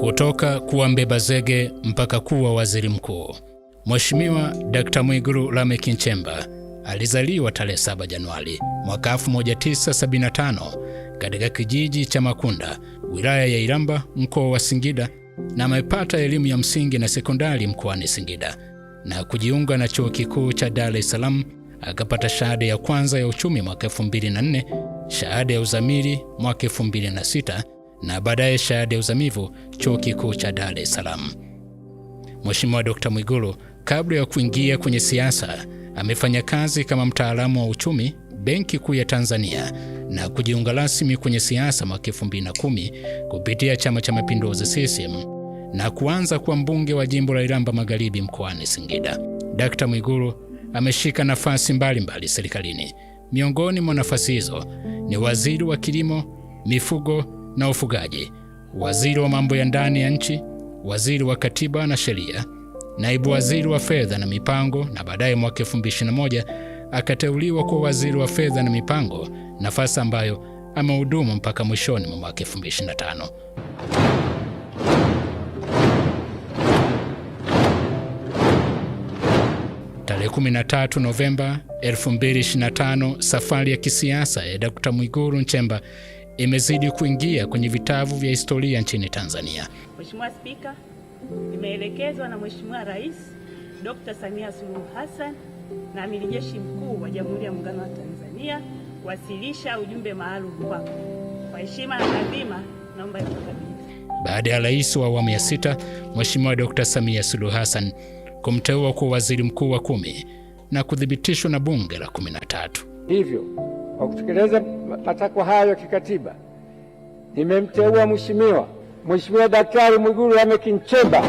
kutoka kuwa mbeba zege mpaka kuwa waziri mkuu. Mheshimiwa Dr. Mwigulu Lameck Nchemba alizaliwa tarehe 7 Januari mwaka 1975 katika kijiji cha Makunda, wilaya ya Iramba, mkoa wa Singida, na amepata elimu ya msingi na sekondari mkoani Singida na kujiunga na chuo kikuu cha Dar es Salaam. Akapata shahada ya kwanza ya uchumi mwaka 2004, shahada ya uzamili mwaka 2006 na baadaye shahada ya uzamivu chuo kikuu cha Dar es Salaam. Mheshimiwa Dkt. Mwigulu kabla ya kuingia kwenye siasa amefanya kazi kama mtaalamu wa uchumi Benki Kuu ya Tanzania na kujiunga rasmi kwenye siasa mwaka 2010 kupitia Chama cha Mapinduzi CCM na kuanza kuwa mbunge wa jimbo la Iramba Magharibi mkoani Singida. Dkt. Mwigulu ameshika nafasi mbalimbali serikalini. Miongoni mwa nafasi hizo ni waziri wa kilimo, mifugo na ufugaji, waziri wa mambo ya ndani ya nchi, waziri wa katiba na sheria, naibu waziri wa fedha na mipango, na baadaye mwaka 2021 akateuliwa kuwa waziri wa fedha na mipango, nafasi ambayo amehudumu mpaka mwishoni mwa mwaka 2025. Tarehe 13 Novemba 2025, safari ya kisiasa ya Dkt. Mwigulu Nchemba imezidi kuingia kwenye vitabu vya historia nchini Tanzania. Mheshimiwa Spika, nimeelekezwa na Mheshimiwa Rais Dr. Samia Suluhu Hassan na Amiri Jeshi Mkuu wa Jamhuri ya Muungano wa Tanzania kuwasilisha ujumbe maalum kwako. Kwa heshima na taadhima, naomba nikukabidhi. Baada ya Rais wa awamu ya sita Mheshimiwa Dr. Samia Suluhu Hassan kumteua kuwa waziri mkuu wa kumi na kuthibitishwa na bunge la kumi na tatu hivyo kwa kutekeleza matakwa hayo ya kikatiba, nimemteua mheshimiwa Mheshimiwa Daktari Mwigulu Lameck Nchemba.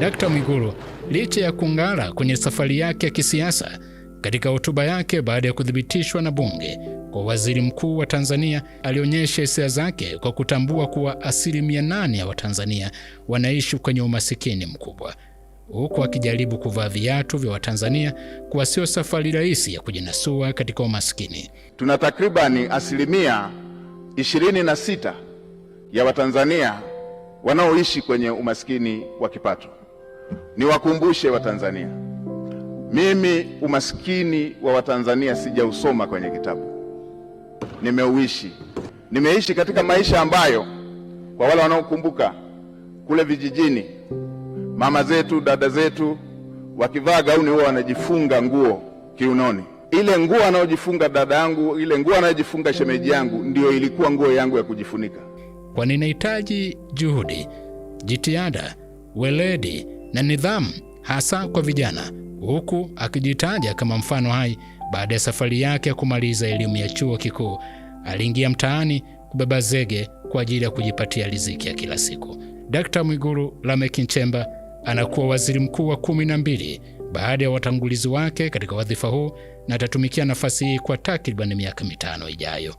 Daktari Mwigulu licha ya kung'ara kwenye safari yake ya kisiasa, katika hotuba yake baada ya kuthibitishwa na bunge kwa waziri mkuu wa Tanzania, alionyesha hisia zake kwa kutambua kuwa asilimia nane ya Watanzania wanaishi kwenye umasikini mkubwa huku akijaribu kuvaa viatu vya Watanzania kuwa sio safari rahisi ya kujinasua katika umaskini. Tuna takribani asilimia 26 ya Watanzania wanaoishi kwenye umaskini wa kipato. Niwakumbushe Watanzania, mimi umaskini wa Watanzania sijausoma kwenye kitabu, nimeuishi. Nimeishi katika maisha ambayo kwa wale wanaokumbuka kule vijijini Mama zetu dada zetu wakivaa gauni huwa wanajifunga nguo kiunoni. Ile nguo anayojifunga dada yangu, ile nguo anayojifunga shemeji yangu, ndiyo ilikuwa nguo yangu ya kujifunika. Kwa ninahitaji juhudi, jitihada, weledi na nidhamu, hasa kwa vijana, huku akijitaja kama mfano hai. Baada ya safari yake ya kumaliza elimu ya chuo kikuu, aliingia mtaani kubeba zege kwa ajili ya kujipatia riziki ya kila siku. Dkt. Mwigulu Lameck Nchemba anakuwa waziri mkuu wa kumi na mbili baada ya watangulizi wake katika wadhifa huu na atatumikia nafasi hii kwa takriban miaka mitano ijayo.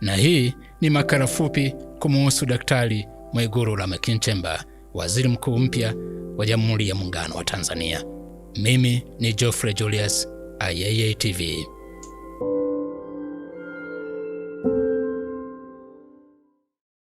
Na hii ni makala fupi kumuhusu Daktari Mwigulu Lameck Nchemba, waziri mkuu mpya wa Jamhuri ya Muungano wa Tanzania. Mimi ni Geoffrey Julius, IAA TV.